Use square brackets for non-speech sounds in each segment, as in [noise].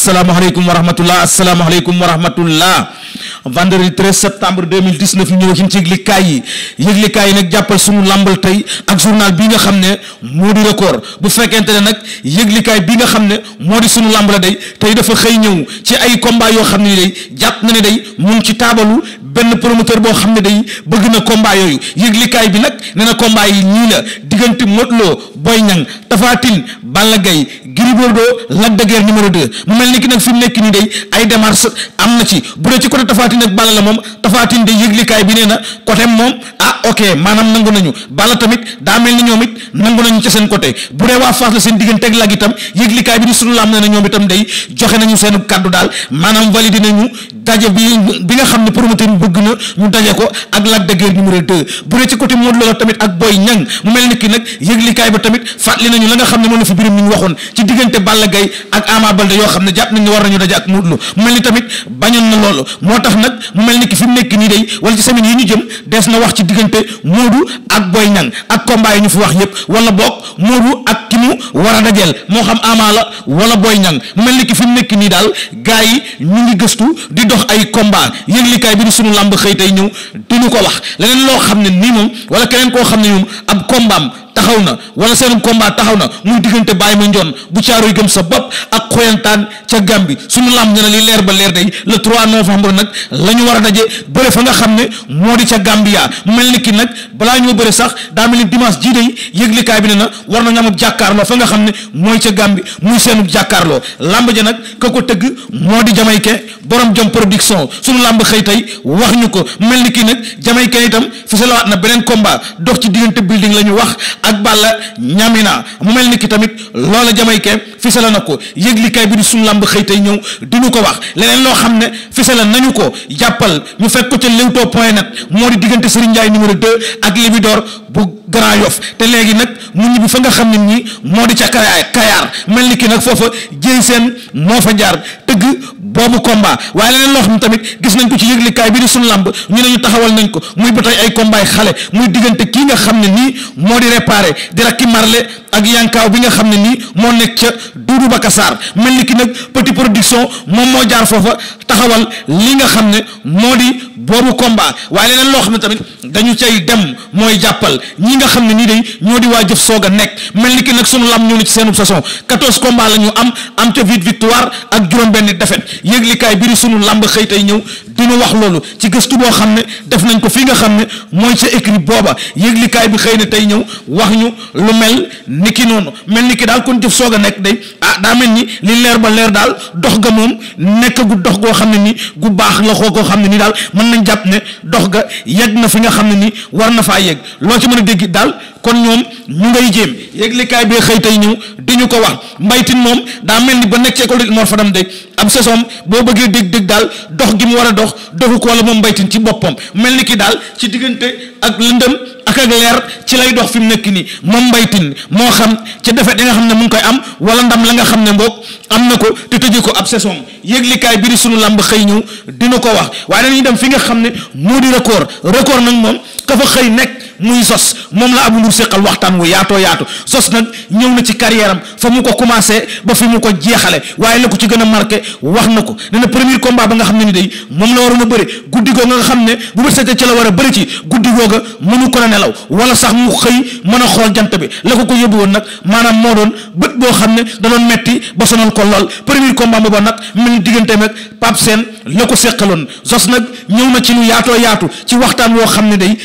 asalaamaaleykum wa rahmatullah asalaamaaleykum wa rahmatullah vendredi 13 septembre 2019 ñu ñëw ci yëglikaay yi yëglikaay yi nag jàppal sunu làmbal tey ak journal bi nga xam ne moo di record bu fekkente ne nag yëglikaay bi nga xam ne moo di sunu làmb la day tey dafa xëy ñëw ci ay combat yoo xam ne ni jàpp na ne day mu ci taabalu benn promoteur boo xam ne day bëgg na combat yooyu yëglikaay bi nag nee na combat yi nii la diggante Modou Lo Boy Niang Tapha Tine Balla Gaye Gris Bordeaux Lac de mu mel ni ki nag fi mu nekk nii day ay démarches am na ci bu dee ci côté Tapha ak Balla la moom Tapha Tine bi nee na côté moom ah maanaam nangu nañu Balla tamit daa mel ni ñoom it nangu nañu ci seen côté bu dee waa Fass la seen diggante ak Lac itam yëglikaay bi di sunu laam nee na ñoom itam day joxe nañu bi nga xam ne promoteur bëgg na ñu daje ko ak de bu dee ci côté Modou Lo tamit ak Boy Niang mu mel ni nag yëglikaay ba tamit fàttali nañu la nga xam ne moom la fi birim ñu waxoon ci diggante Balla Gaye ak Ama Baldé yoo xam ne jàpp nañ ne war nañu daje ak Modou Lô mu mel ni tamit bañoon na loolu moo tax nag mu mel ni ki fi mu nekk nii day wala ci semaine yi ñu jëm des na wax ci diggante Modou ak Boy Niang ak combat yi ñu fi wax yépp wala boog Modou ak ki mu war a dajeel moo xam Ama la wala Boy Niang mel ni ki fi mu nekk nii daal gars yi ñu ngi gëstu di dox ay combat yëglikaay bi nu sunu làmb xëy tey ñëw duñu ko wax leneen loo xam ne nii moom wala keneen koo xam ne moom ab combat taxaw na wala seen combat taxaw na muy diggante bàyyi ma njoon bu caaroy gëm sa bopp ak xoyantaan ca Gàmbi suñu làmb ñu ne li leer ba leer day le 3 novembre nag la ñu war a daje bëre fa nga xam ne moo di ca Gambia mel ni ki nag balaa ñoo bëre sax daa mel ni dimanche jii day yëglikaay bi ne na war nañu amub fa nga xam ne mooy ca Gàmbi muy seenu jàkkaarloo lamb ja nag ka ko tëgg moo di jamayken boroom jom production suñu làmb xëy tey wax ñu ko mel ni ki nag jamayken itam fi salawaat na beneen combat dox ci diggante building la ñu wax ak Balla ñami naa mu mel ni ki tamit loola jamaykee fisala na ko yëglikaay bi di sunu làmb xëy tey ñëw diñu ko wax leneen loo xam ne fisala nañu ko jàppal ñu fekk ko ca Leewtoo point net moo di diggante Serigne Ndiaye numéro de ak Libidor bu Grand Yoff te léegi nag mu ñibbi fa nga xam ne nii moo di ca Kayaar Kayaar mel ni ki nag foofa jéy seen moo fa jaar tëgg boobu combat waaye leneen loo xam tamit gis nañ ko ci yëglikaay bi di suñu làmb ñu ne ñu taxawal nañ ko muy ba tey ay combat xale muy diggante ki nga xam ne nii moo di réparé di rakki marle ak yankaaw bi nga xam ne nii moo nekk ca Duudu Bakasaar mel ni ki nag petit production moom moo jaar foofa taxawal li nga xam ne moo di boobu combat waaye leneen loo xam ne tamit dañu cay dem mooy jàppal ñi nga xam ne nii day ñoo di waa jëf soog a nekk mel ni ki nag sunu lam ñoo ni ci seenu saison quatorze combat la ñu am am ca huit victoire ak juróom-benn défaite yëglikaay biri sunu làmb xëy tey ñëw dina wax loolu ci gëstu boo xam ne def nañ ko fi nga xam ne mooy sa écrit booba yëglikaay bi xëy na tey ñëw wax ñu lu mel ni ki noonu mel ni ki daal kon jëf soog a nekk day ah daa mel ni li leer ba leer daal dox ga moom nekk gu dox goo xam ne ni gu baax la xoo xam ne ni daal mën nañ jàpp ne dox ga yegg na fi nga xam ne ni war na faa yegg loo ci mën a dégg daal kon ñoom ñu ngay jéem yëglikaay bi xëy tey ñëw di ñu ko wax mbaytin moom daa mel ni ba nekk ci école de fa Fadam de ab saison boo bëggee dég dég daal dox gi mu war a dox doxu ko wala moom mbaytin ci boppam mel ni ki daal ci diggante ak lëndëm ak ci lay dox fi mu nekk nii moom mbaytin moo xam ca defet yi nga xam ne mu ngi koy am wala ndam la nga xam ne mboog am na ko te tëjee ko ab saison yëglikaay bi di suñu làmb xëy ñëw dina ko wax waaye dañuy dem fi nga xam ne moo di record record nag moom ka fa xëy nekk. muy sos moom la Abdou Ndour séqal waxtaan wu yaatoo yaatu sos nag ñëw na ci carrière am mu ko commencé ba fi mu ko jeexale waaye la ko ci gën a marqué wax na ko ne na premier ba nga xam ne ni day moom la waroon a bëri guddi googa nga xam ne bu bët seetee la war a bëri ci guddi googa mënu ko na nelaw wala sax mu xëy mën a xool jant bi la ko ko yóbbu woon nag maanaam moo doon bët boo xam ne da doon metti ba sonal ko lool premier combat booba nag mel ni diggante meeg Pape Sène la ko séqaloon zos nag ñëw na ci lu yaatoo yaatu ci waxtaan woo xam ne day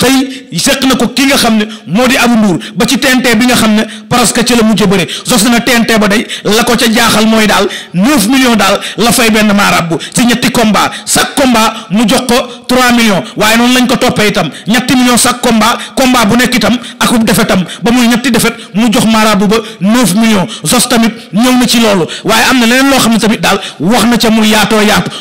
xëy seq na ko ki nga xam ne moo di abu nduur ba ci TNT bi nga xam ne parce que ci la mujj bëre sos na TNT ba day la ko ca jaaxal mooy daal neuf millions daal la fay benn maarab bu ci ñetti combat chaque komba mu jox ko 3 millions waaye noonu lañ ko toppee itam ñetti millions chaque combat combat bu nekk itam akub defet tam ba muy ñetti defet mu jox maaraabu ba 9 millions sos tamit ñëw na ci loolu waaye am na leneen loo xam ne tamit daal wax na ca mu yaatoo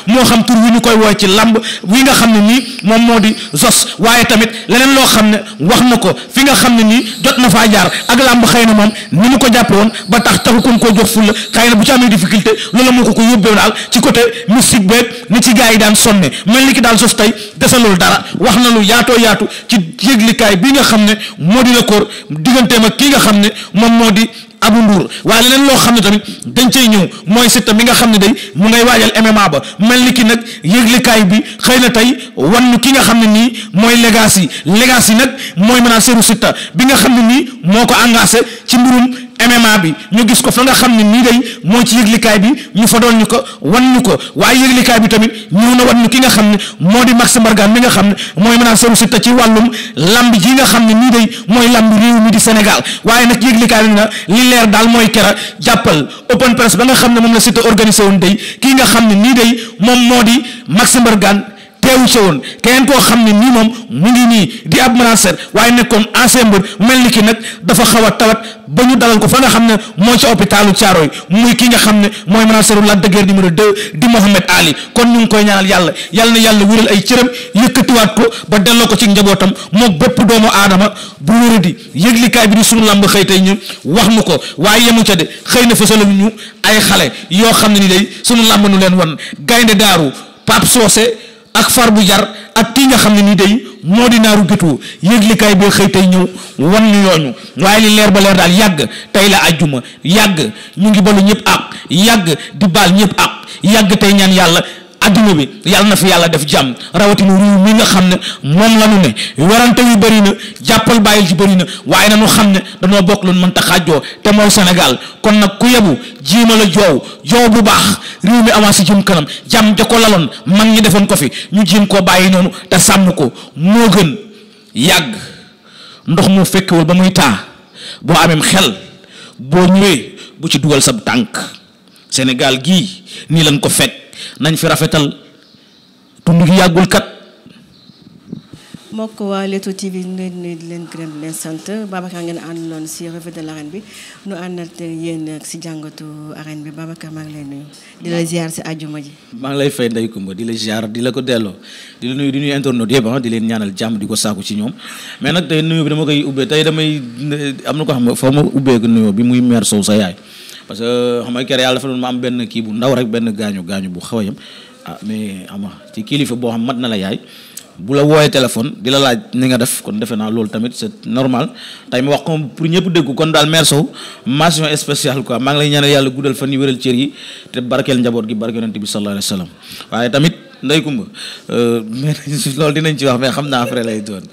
moo xam tur wi ñu koy wooye ci lamb wi nga xam ne nii moom moo di sos waaye tamit leneen loo xam ne wax na ko fi nga xam ne nii jot na faa jaar ak lamb xëy na moom nu mu ko jàppe woon ba tax taxu kon koo jox fulla xëy na bu ci amee difficulté loolu moo ko ko yóbbee daal ci côté musique beeg ni ci gaa yi daan sonne mel ni ki daal sos tey desalul dara wax na lu yaatoo yaatu ci yëglikaay bi nga xam ne moo di record digganteem ak kii nga xam ne moom moo di abu nduur waaye leneen loo xam ne tamit dañ cay ñëw mooy Siteu mi nga xam ne day mu ngay waajal MMA ba mel ni ki nag yëglikaay bi xëy na tey wannu ki nga xam ne nii mooy yi legacy yi nag mooy manageru Siteu bi nga xam ne nii moo ko engagé ci mbirum maa bi ñu gis ko fa nga xam ne nii day mooy ci yëglikaay bi ñu fa doon ñu ko wan ñu ko waaye yëglikaay bi tamit ñëw na wan ki nga xam ne moo di Max Mbargane mi nga xam ne mooy man a sëru si te ci wàllum lamb ji nga xam ne nii day mooy lamb réew mi di Sénégal waaye nag yëglikaay bi na li leer daal mooy kera jàppal open ba nga xam ne moom la Siteu organisé woon day kii nga xam ne nii day moom moo di Max Mbargane teewu sa woon keneen koo xam ne nii moom mu ngi nii di ab manager waaye nekkoon ancien mbër mel ni ki nag dafa xaw a tawat ba mu dalal ko fa nga xam ne moo ci hôpitalu Thiaroye muy kii nga xam ne mooy manageru Lac de Guiers numéro deux di Mohamed Ali kon ñu ngi koy ñaanal yàlla yàlla na yàlla wéral ay cëram yëkkatiwaat ko ba delloo ko ci njabootam moo bépp doomu aadama bu di yëglikaay bi di sunu làmb xëy tey ñu wax nu ko waaye yemu ca de xëy na fësal ñu ay xale yoo xam ne ni day sunu làmb nu leen wan gaynde daaru Pape Socé ak far bu jar ak kii nga xam ne ni day moo di naaru gétuo yëglikaay boo xëy tey ñëw wan ñu yooñu waaye li leer ba leer daal yàgg tey la ajjuma yàgg ñu ngi balu ñëpp ak yàgg di baal ñëpp ak yàgg tey ñaan yàlla adduna bi yàlla na fi yàlla def jàmm rawatina réew mi nga xam ne moom la ne werante yu bëri na jàppal bàyyi ji bëri na waaye na ñu xam ne dañoo bokk loon mënta xaajoo te mooy Sénégal kon nag ku yebu jiima la joow joow bu baax réew mi avancé jëm kanam jàmm ja ko laloon mag ñi defoon ko fi ñu jiim koo bàyyi noonu te sàmm ko moo gën yàgg ndox mu fekkewul ba muy taa boo amem xel boo ñëwee bu ci dugal sab tànk Sénégal gii nii lañ ko fet nañ fi rafetal dund gi yàggul kat. mbokk waa Leewtoo TV ñu leen nuyu di leen gërëm sant Babacar ngeen àndaloon si revue de bi nu àndal te yéen si jàngatu arène bi Babacar maa ngi lay nuyu di la ziar si àjjuma ji. maa ngi lay fay ndey Comba di la ziar di la ko delloo di la nuyu di nuyu internet yëpp ah. di leen ñaanal jàmm di ko saaku ci ñoom mais nag tey nuyu bi dama koy ubbee tey damay am na ko xam ne foo ma ubbee ko nuyoo bi muy mère Sow sa yaay. parce que xam nga kere yàlla dafa doon ma am benn kii bu ndaw rek benn gaañu gaañu bu xaw a ah mais ama ci kilifa boo xam mat na la yaay bu la wooyee téléphone di la laaj ni nga def kon defe naa loolu tamit c'est normal tey ma wax comme pour ñëpp dégg kon daal mère Sow mention spéciale quoi lay ñaanal yàlla guddal fan yi wéral cër yi te barkeel njaboot gi barkeel yonent bi sallallahu alayhi wa sallam waaye tamit ndey kumba euh, [laughs] mais loolu dinañ ci wax mais xam naa après lay doon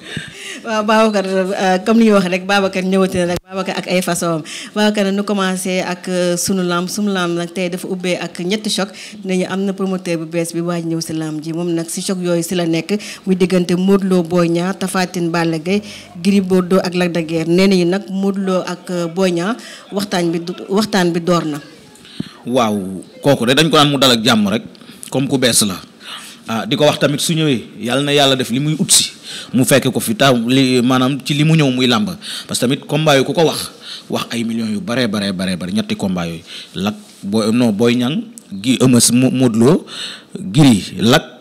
waaw Babacar euh, comme ni ñu wax rek Babacar ñëwati na rek Babacar ak ay façon Babacar nu commencé ak euh, sunu lamb sunu lamb nag tey dafa ubbee ak ñetti choc nañu am na promoteur bu bees bi waaj ñëw si lamb ji moom nag si choc yooyu si la nekk muy diggante Modou Lo Boy Niang Tapha Tine Balla Gaye ak Lac de nee nañu nag Modou Lo ak euh, Boy Niang waxtaan bi waxtaan bi door na. waaw kooku de dañ ko naan mu dal ak jàmm rek comme ku bees la ah, di ko wax tamit su ñëwee yàlla yàlla def li muy ut mu fekke ko fi ta li maanaam ci li mu ñëw muy làmb parce que tamit combat yu ku ko wax wax ay millions yu baree baree baree bari ñetti combat yooyu lak booy non booy ñan gi ëmës Modou Lo giri lak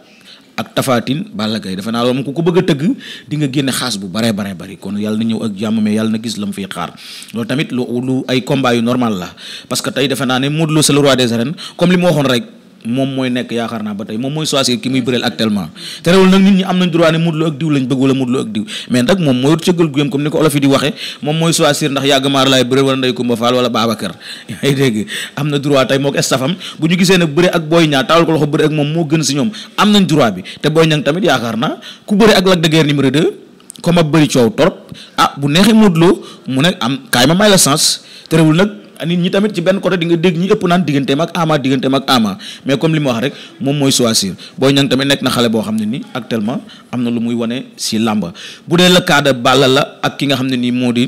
ak tafaatin Balla Gaye defe naa loolu moom ku ko bëgg a tëgg di nga génne xaas bu bare baree bari kon yàlla na ñëw ak jàmm mais na gis la mu fiy xaar loolu tamit lu lu ay combat yu normal la parce tey defe naa ne Modou Lo c'est le roi des arènes comme li mu waxoon rek moom mooy nekk yaakaar naa ba tey moom mooy choisir ki muy bëreel actuellement te réewul nag nit ñi am nañ droit ne Modou ak diw lañ bëgg wala Modou ak diw mais nag moom mooy cëggal guyam ndax yàgg laay bëreel wala Ndeye Koumba Fall [laughs] am na droit tey moo bu ñu gisee ne bëre ak Boy Niang taawal ko moom moo gën si ñoom am nañ bi te Boy Niang tamit yaakaar naa ku bëre ak Lac de Guiers numéro 2 comme ab bëri coow torop ah bu neexee Modou mu ne am kaay ma may la sens te réewul nag nit ñi tamit ci benn côté di nga dégg ñi ëpp naan digganteem ak Ama digganteem ak Ama mais comme li ma wax rek moom mooy choisir Boy Niang tamit nekk na xale boo xam ne nii actuellement am na lu muy wane si làmba bu dee le cas de la ak ki nga xam ne nii moo di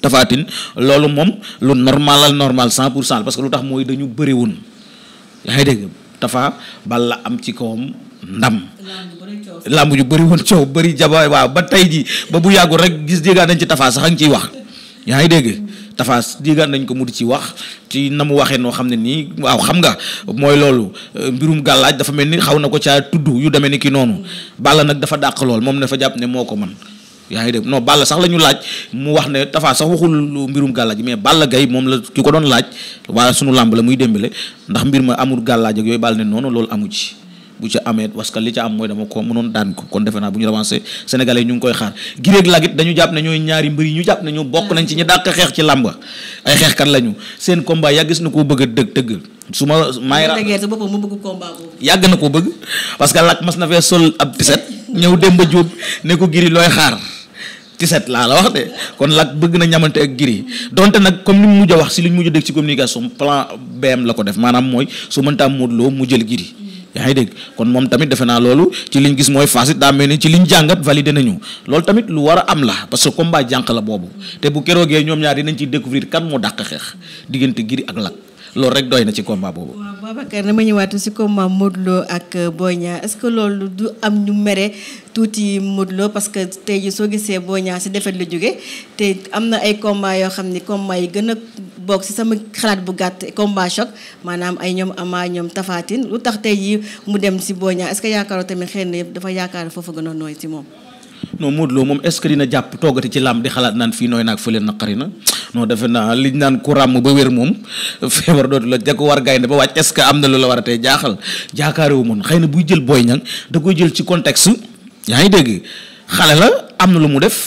Tapha Tine loolu moom lu normal la normal 100 pour cent parce que lu tax mooy dañu bëri woon yaa ngi dégg Tapha la am ci kawam ndam. làmb yu bëri woon coow bëri jabaay waaw ba tey ji ba bu yàggul rek gis jéegaa nañ ci Tapha sax a ngi ciy wax. yaa ngi dégg tafaas diigaan nañ ko mu di ci wax ci na mu waxee noo xam ne nii waaw xam nga mooy loolu euh, mbirum gàllaaj dafa mel ni xaw na ko caa tudd yu demee ni ki noonu Balla nag dafa dàq lool moom dafa jàpp ne moo ko man yaa ngi dégg non Balla sax la ñu laaj mu wax ne tafaas sax waxul mbirum gàllaaj mais Balla Gaye moom la ki ko doon laaj waa sunu làmb la muy démbale ndax mbir ma amul gàllaaj yooyu Balla ne noonu loolu amu ci bu ca amee parce que li ca am mooy dama ko mënoon daan ko kon defe naa bu ñu avancé sénégalais ñu ngi koy xaar giréeg lagit dañu jàpp ne ñooy ñaari mbir yi ñu jàpp ne ñu bokk nañ ci ñu dàq xeex ci làmba ay xeexkat lañu seen combat yaa na koo bëgg a dëgg tëgg su ma maay yàgg na ko bëgg parce que lak mas na fee sol ab tiset ñëw Demba Diop ne ko giri looy xaar tiset laa la wax kon lak bëgg na ñamante ak giri donte nag comme ni mu a wax si li ñu mujj a ci communication plan BM la ko def maanaam mooy su mënta am Modou Lo mu jël giri yaa ngi dégg kon moom tamit defe naa loolu ci liñ gis mooy Fass it daa mel ni ci liñ jàngat validé nañu loolu tamit lu war am la parce que combat jànq la boobu te bu keroogee ñoom ñaar dinañ ciy découvrir kan moo dàq xeex diggante Gris ak Lac loolu rek doy na ci combat boobu. waaw Babacar dama ñëwaat si combat Modou Lo ak Boy Niang est-ce que loolu du am ñu mere tuuti Modou Lo parce que tey soo gisee Boy Niang si défaite la jóge te am na ay combat yoo xam ne combat yi gën a. bokk si sama xalaat bu gàtt combat choc maanaam ay ñoom Ama ñoom Tapha lu tax tey jii mu dem si Boy Niang est-ce que yaakaaroo tamit xëy na yëpp dafa yaakaar foofu gën a nooy si moom. non Modou Lo moom est-ce que dina jàpp toogati ci làmb di xalaat naan fii nooy na [laughs] a buy jël Boy Niang da koy jël ci contexte yaa dégg xale la am na lu mu def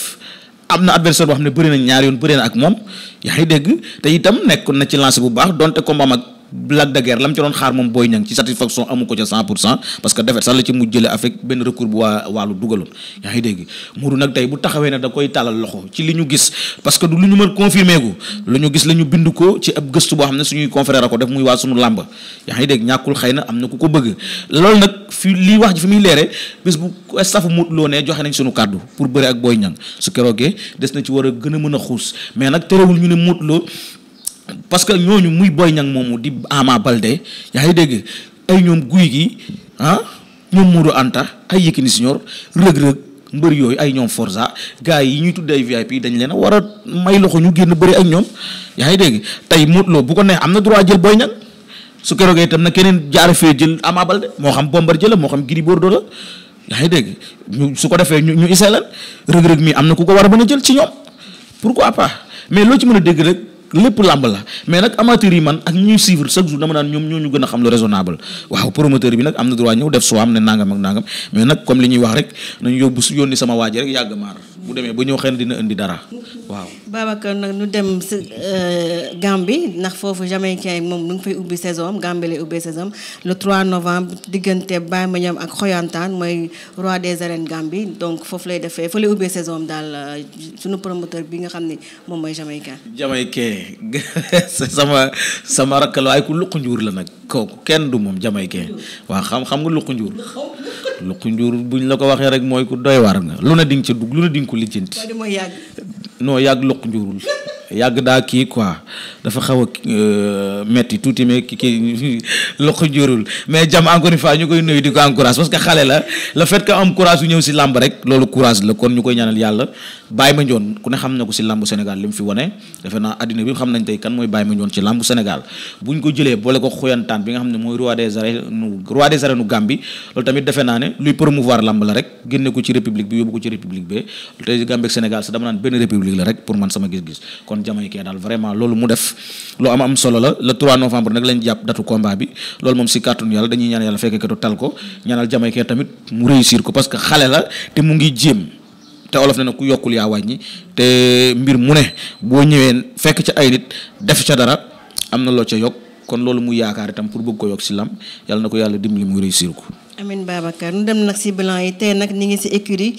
am na adversaire boo xam ne bëri na ñaari yoon bëri na ak moom yaa ngi dégg te itam nekkoon na ci lancé bu baax donte combat mag Lac de Guiers la mu doon xaar moom booy Niang ci satisfaction amu ko ca cent pour cent parce que defet sax la ci mujj jële avec benn recours bu waa wàllu dugaloon yaa ngi dégg Modou nag tey bu taxawee ne da koy tàllal loxo ci li ñu gis parce que du lu ñu mën confirmer gu lu ñu gis la bind ko ci ab gëstu boo xam ne suñuy confrère a ko def muy waa suñu làmb yaa ngi dégg ñàkkul xëy na am na ku ko bëgg loolu fii lii wax ji fi muy leeree bés bu staff Modou Lo ne joxe nañ sunu kàddu pour bari ak Boy Niang su keroogee des na ci war a gën a mën a xuus mais nag terewul ñu ne Modou Lo parce que ñooñu muy Boy Niang moomu di Ama Balde yaa ngi dégg ay ñoom guy gi ah ñoom Modou Anta ay Yékini Senior rëg-rëg mbër yooyu ay ñoom Forza gars yi ñuy tuddee VIP dañ leen war a may loxo ñu génn bëri ak ñoom yaa ngi dégg tey Modou Lo bu ko neex am na droit jël Boy Niang su keroogee itam na keneen jaare fee jël Ama Baldé moo xam Bombardier la moo xam Gris Bordeaux la yaa ngi dégg ñu su ko defee ñu ñu isee lan rëg-rëg mi am na ku ko war a mën a jël ci ñoom pourquoi pas mais loo ci mën a dégg rek lépp làmb la mais nag amateur yi man ak ñuy suivre chaque jour dama naan ñoom ñoo ñu gën a xam lu raisonnable waaw promoteur bi nag am na droit ñëw def soo am ne nangam ak nangam mais nag li ñuy wax rek yóbbu su yónni sama waaji rek yàgg maar bu demee ba ñëw xëy waaw. Babacar nag ñu dem si euh, Gambie ndax foofu Jamaïcain moom nu ngi fay ubbi saison am Gambie lay ubbi saison am le 3 novembre diggante ma Maniam ak Xoyantaan mooy roi des arènes Gambie donc foofu lay defee fa lay ubbee saison am daal euh, suñu promoteur bi nga xam ne moom mooy Jamaïcain. Jamaïcain [laughs] sama sama rakk la waaye ku luq njuur la nag kooku kenn du moom jamay jamaïcain waa xam xam nga luq njuur luq njuur buñ la ko waxee rek mooy ku doy waar nga lu ne di nga ci dugg lu ne di nga ko noo non yàgg luq njuurul. yàgg daa kii quoi dafa xaw a euh, metti tuuti mais ki kii loxo jurul mais jàmm encore une fois ñu koy nuyu di ko encourage parce que xale la le fait que am courage yu ñëw si làmb rek loolu courage la kon ñu ku ne xam na ko si làmbu Sénégal li mu fi wone defe naa addina bi xam nañ tey kan mooy Baye Mandione ci làmbu Sénégal buñ ko jëlee boole ko xoyantaan bi nga xam ne mooy roi des arènes roi des arènes Gambie loolu tamit defe naa ne luy promouvoir làmb la rek génne ko ci république bi yóbbu ko ci république bi te Gambie ak Sénégal sax dama naan benn république la rek pour man sama doon jamaïcain daal vraiment loolu mu def loo am am solo la le 3 novembre nag lañ jàpp datu combat bi loolu moom si kàttanu yàlla dañuy ñaan yàlla fekkee ko tal ko ñaanal jamaïcain tamit mu réussir ko parce que xale la te mu ngi jéem te olof ne na ku yokkul yaa wàññi te mbir mu ne boo ñëwee fekk ca ay nit def ca dara am na loo ca yokk kon loolu mu yaakaar itam pour bëgg ko yokk si lam yàlla na ko yàlla dimbali mu réussir ko amin Babacar ñu dem nag si bilan yi tey nag ñu ngi si écurie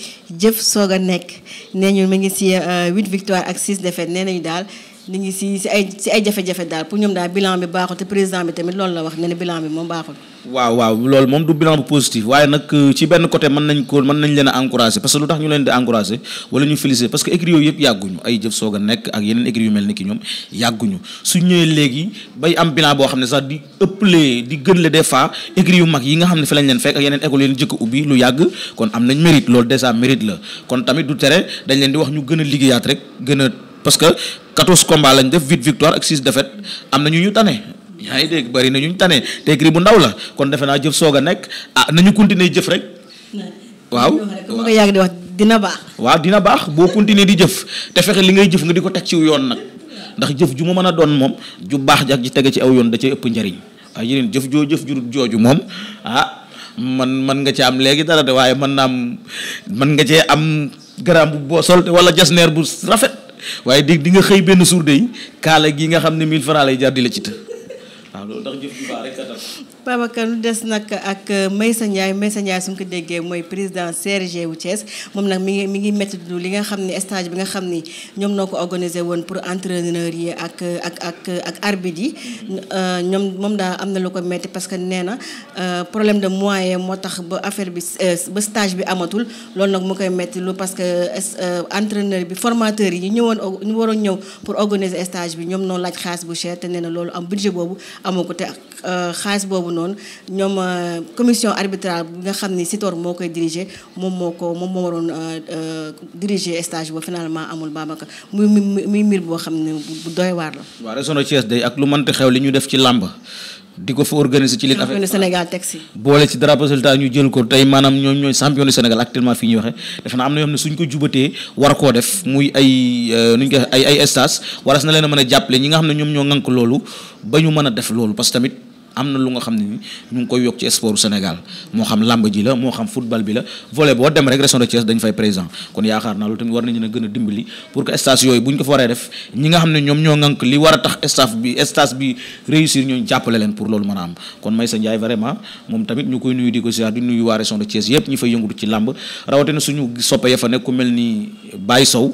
jëf soog a nekk nee ñu mu ngi si 8 euh, victoire ak 6 défaites nee nañu daal. ñu ngi si si ay si ay jafe-jafe daal pour ñoom daal bilan bi baaxul te président bi tamit loolu la wax ne ne bilan bi moom baaxul. waaw waaw loolu moom du bilan bu positif waaye nag euh, ci benn côté mën nañ ko mën nañ leen a encouragé que lu tax ñu leen di encouragé wala ñu félicité parce que écrit yooyu yëpp yàgguñu ay jëf soog a nekk ak yeneen écrit yu mel ni ki ñoom yàgguñu su ñëwee léegi bay am bilan boo xam ne sax di ëppalee di gën le des fois écrit yu mag yi nga xam ne fi lañ leen fekk ak yeneen école jëkk ubbi lu yàgg kon am nañ mérite loolu dèjà mérite la kon tamit du tere dañ leen di ñu gën a liggéeyaat rek gën a parce que 14 combats lañ def 8 victoire ak 6 défaites am na ñu ñu tane yaa ngi dégg bëri na ñu ñu tane te écrit bu ndaw la kon defe naa jëf soog a nekk ah ñu continuer jëf rek. waaw ma ko yàgg di wax dina baax. waaw dina baax boo continuer di jëf te fexe li ngay jëf nga di ko teg ci yoon nag ndax jëf ju mu mën a doon moom ju baax jag ji tege ci aw yoon da cay ëpp njariñ waaye yeneen jëf joo jëf jurut jooju moom ah. man man nga ci am léegi dara de waaye mën naa am mën nga cee am garaam bu boo sol wala jasneer bu waaye dégg di nga xëy benn suur dey kaala gi nga xam ne 1000 francs lay jar di la ci të waaw loolu lu des nag ak Maysa Ndiaye Maysa Ndiaye su ñu ko déggee mooy président CRG wu Thiès moom nag mi ngi mi ngi métti du li nga xam ne stage bi nga xam ni ñoom noo ko organisé woon pour entraîneurs yi ak ak ak ak arbitre yi. Euh, ñoom moom daa am na lu ko métti parce que nee na euh, problème de moyen moo tax ba affaire bi euh, ba stage bi amatul loolu nag mu koy métti lu parce que entraîneur bi formateur yi ñu ñëwoon ñu waroon ñëw pour organiser stage bi ñoom noo laaj xaalis bu cher te nee na loolu am budget boobu. amu ko te euh, xaalis boobu noonu ñoom euh, commission arbitrale bi nga xam ni Sitor moo koy diriger moom moo ko moom moo waroon euh, diriger stage ba finalement amul Babacar muy muy mbir boo xam ne bu doy waar la. waaw région de Thiès ak lu mënti xew li ñu def ci làmb di ko fa organiser ci li affaire champion Sénégal teg si boole ci dara résultat ñu jël ko tey maanaam ñoom ñooy champion du Sénégal actuellement fii ñuy waxee defe naa am na yoo xam ne suñ ko jubatee war koo def muy ay euh, nuñ ko ay ay stage waras na leen mën a jàppale ñi nga xam ne ñoom ñoo ŋànk loolu ba ñu mën a def loolu parce que tamit am na lu nga xam ne ni ñu ngi koy yokk ci sport Sénégal moo xam làmb ji la moo xam football bi la volley boo dem rek région de Thiès dañ fay présent kon yaakaar naa loolu tamit war nañu ne gën a dimbali pour que stage yooyu bu ñu ko fa nga xam ne ñoom ñoo ngànk li war a tax staff bi stage bi réussir ñooñu jàppale leen pour loolu mën a am kon Maysa Ndiaye vraiment moom tamit ñu koy nuyu di ko siyaar di nuyu waa région de Thiès yëpp ñi fay yëngutu ci làmb rawatina suñu soppe ya fa nekk ku mel ni Baye Sow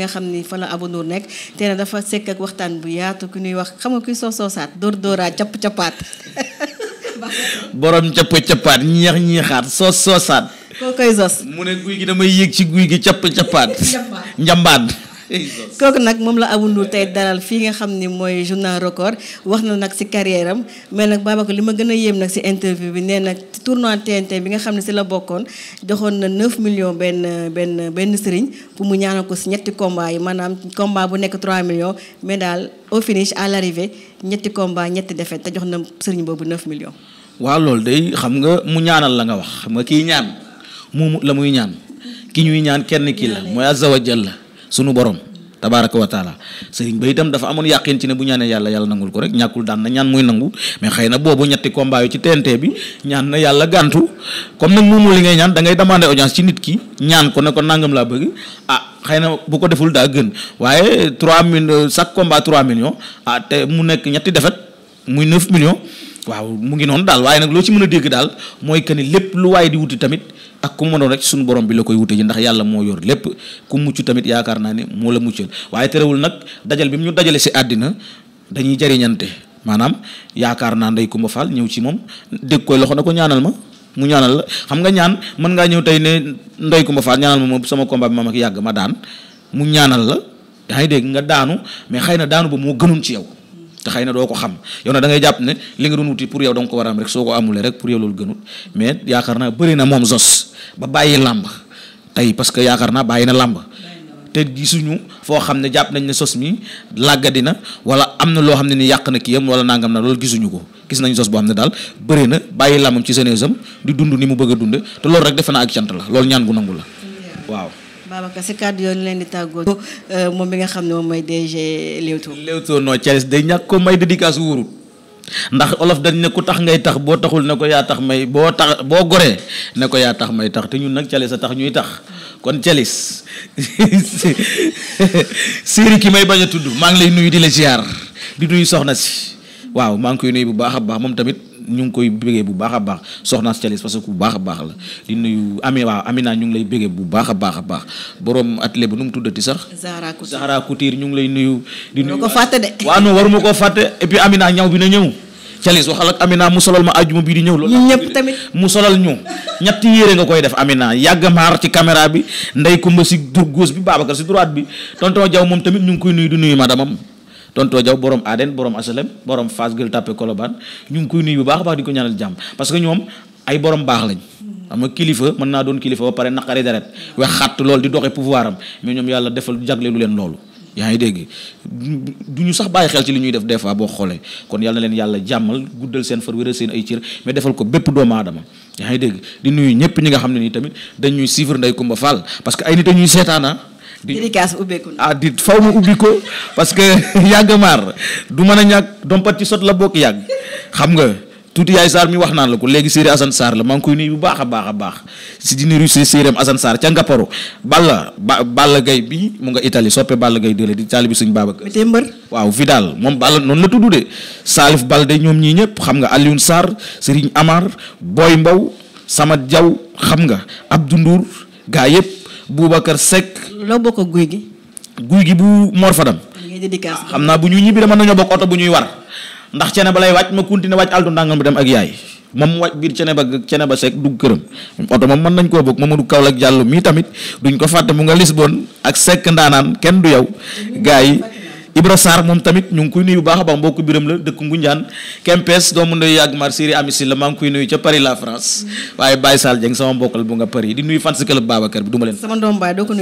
bi nga xam ni fa la Aboundour nekk te ne dafa sekk ak waxtaan bu yaatu ku ñuy wax xam nga kuy soo soosaat dóor dóoraa capp cappaat [laughs] borom capp cappaat ñeex ñeexaat soos soosaat koo koy sos mu ne guy gi damay yéeg ci guy gi capp cappaat [laughs] njambaat kooku nag moom la Abou Ndour tey dalal fii nga xam ni mooy journal record wax na nag si carrière am mais nag Babacar li ma gën a yéem nag si interview bi nee na tournoi TNT bi nga xam ne si la bokkoon joxoon na 9 millions benn benn benn sëriñ pour mu ñaanal ko si ñetti combat yi maanaam combat bu nekk 3 millions mais daal au finish à l'arrivée ñetti combat ñetti defee te jox na sëriñ boobu 9 millions. waaw loolu day xam nga mu ñaanal la nga wax xam nga kii ñaan moom la muy ñaan ki ñuy ñaan kenn kii la mooy azawajal la. sunu borom tabaraka wa taala sëriñ ba itam dafa amoon yàqin ci ne bu ñaanee yàlla yàlla nangul ko rek ñàkkul daan na ñaan muy nangu mais xëy na boobu ñetti combat yu ci TNT bi ñaan na yàlla gàntu comme nag moomu li ngay ñaan dangay ngay demander audience ci nit ki ñaan ko ne ko nangam laa bëgg ah xëy na bu ko deful daa gën waaye 3 millions chaque combat 3 millions ah te mu nekk ñetti defet muy 9 millions waaw mu ngi noonu daal waaye nag loo ci mën a dégg daal mooy que ni lépp lu waaye di tamit ak ku mënoon rek suñu borom bi la koy wute ji ndax yàlla moo yor lépp ku mucc tamit yaakaar naa ne moo la muccal waaye terewul nag dajal bi mu ñu dajale si àddina dañuy jariñante maanaam yaakaar naa ndey Kumba Faal ñëw ci moom dégg koy loxo na ko ñaanal ma mu ñaanal la xam nga ñaan mën ngaa ñëw tey ne ndey Kumba Faal ñaanal ma sama combat bi ma mag yàgg ma daan mu ñaanal la yaa ngi dégg nga daanu mais xëy na daanu ba moo gënoon ci yow te xëy na doo ko xam yow nag da ngay jàpp ne li nga doon wuti pour yow da ko war a am rek soo ko amulee rek pour yow loolu gënul mais yaakaar naa bëri na moom sos ba bàyyi làmb tey parce que yaakaar naa bàyyi na làmb te gisuñu foo xam ne jàpp nañ ne sos mi làggadi na wala am na loo xam ne ni yàq na kii yam wala nangam na loolu gisuñu ko gis nañ sos boo xam ne daal bëri na bàyyi làmbam ci seen sam di dund ni mu bëgg a dund te loolu rek defe naa ak cant la loolu ñaan gu nangu la waaw Babacar si kàddu yoon leen di tàggoo euh, moom mi nga xam ne moom mooy DG Leewtoo. Leewtoo noo Thiès day ñàkk ko may dédicace wóorul ndax olof dañ ne ku tax ngay tax boo taxul ne ko yaa tax may boo tax boo goree ne ko yaa tax may tax te ñun nag Thiès a tax ñuy tax kon Thiès [laughs] séeri ki may bañ a tudd maa ngi lay nuyu di la ziar di nuyu soxna si waaw maa ngi koy nuyu bu baax a baax moom tamit. ñu ngi koy bégee bu baax a baax soxna Thialis parce que bu baax a baax la di nuyu Ami waaw Amina ñu ngi lay bégee bu baax a baax a baax borom atelier ba nu mu tuddati sax. Zahra Couture Zahra Couture ñu ngi lay nuyu. di nuyu ko fàtte de. [laughs] waaw non waruma koo ñaw bi na ñëw. Thialis waxal ak Amina mu solal ma àjjuma bii di ñëw. loolu ñëpp tamit mu solal ñu. ñetti yére nga koy def Amina yàgg maar ci caméra bi ndey kumba si dur gauche bi Babacar si droite bi tonton Diaw moom tamit ñu ngi koy nuyu di nuyu madamam tontoo jaw borom Aden borom asalem borom Fass Gueule Tapée Colobane ñu koy nuyu bu baax a baax di ko ñaanal jàmm parce ñoom ay borom baax lañ. xam kilifa mën naa doon kilifa ba pare naqari deret wax xàtt loolu di doxee pouvoir am mais ñoom yàlla defal jagleelu leen loolu. yaa ngi dégg du ñu sax bàyyi xel ci li ñuy def des fois boo xoolee kon yàlla na leen yàlla jàmmal guddal seen far wéral seen ay cër mais defal ko bépp doomu aadama yaa ngi dégg di nuyu ñëpp ñi nga xam ne nii tamit dañuy suivre Ndeye Coumba Fall parce di kaas ubbeeku ah di faw ma ubbi ko parce que [laughs] yàgg maar du mën a ñàkk dompat ci sot la bokk yàgg xam nga tuuti yaay Sarr mi wax naan la ko léegi séeréer Assane Sarr la maa ngi koy nuyu bu baax a baax a baax si dina rusé séeréem Assane Sarr ca Ngaparou Balla ba Balla Gaye bi mu nga Italie soppe Balla gay dële di taalibi suñ baaba tey mbër waaw fi daal moom Balla noonu la tudd de Salif Balde ñoom ñii ñëpp xam nga Alioune Sarr Serigne amaar Boy Mbaw Samad Diaw xam nga ab Ndour gaa yëpp. Boubacar Seck. loo bokk guy gi. guy gi bu Mor Fadam. xam naa bu ñu ñibbi mën nañoo bokk oto bu ñuy war ndax cene ba lay wàcc ma continuer wàcc aldu ndàngam bi dem ak yaay moom wàcc biir cene ba cene ba Seck dugg këram oto moom mën nañ koo bokk Mamadou Kaolack Diallo mii tamit duñ ko fàtte mu nga Lisbonne ak sekk ndaanaan kenn du yow gars yi. Ibra Sarr moom tamit ñu ngi koy nuyu baax a baax mbokku biram la dëkk Ngunjaan Kempes doomu ndoy yàgg marsiri amisi la maa ngi koy nuyu ca Paris la France mm. waaye Baye Sall Dieng sama mbokkal bu nga Paris di nuyu fan si club Babacar bi du ma leen sama doom baay doo ko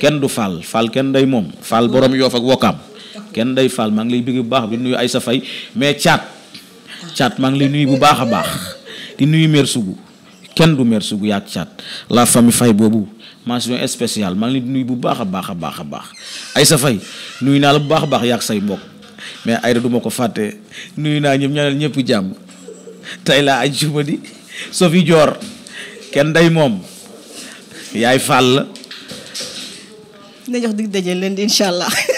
kenn du Fall Fall kenn day moom Fall borom Yoof ak Wokaam kenn day Fall maa ngi lay bëgg bu baax di ay sa Faye mais Thiat Thiat maa ngi lay nuy bu baax a baax di nuyu mère Sougou kenn du meer sugu yaag caat la famille fay boobu mention spéciale maa ngi leen bu baax a baax a baax a baax Aïssa Faye nuyu naa la bu baax a baax yaag say mbokk mais Aïda du ma ko fàtte nuyu naa ñëpp ñaanal ñëpp jàmm tey laa aj juma di Sophie Dior kenn day moom yaay fàll la. jox dig daje leen di incha allah. [laughs]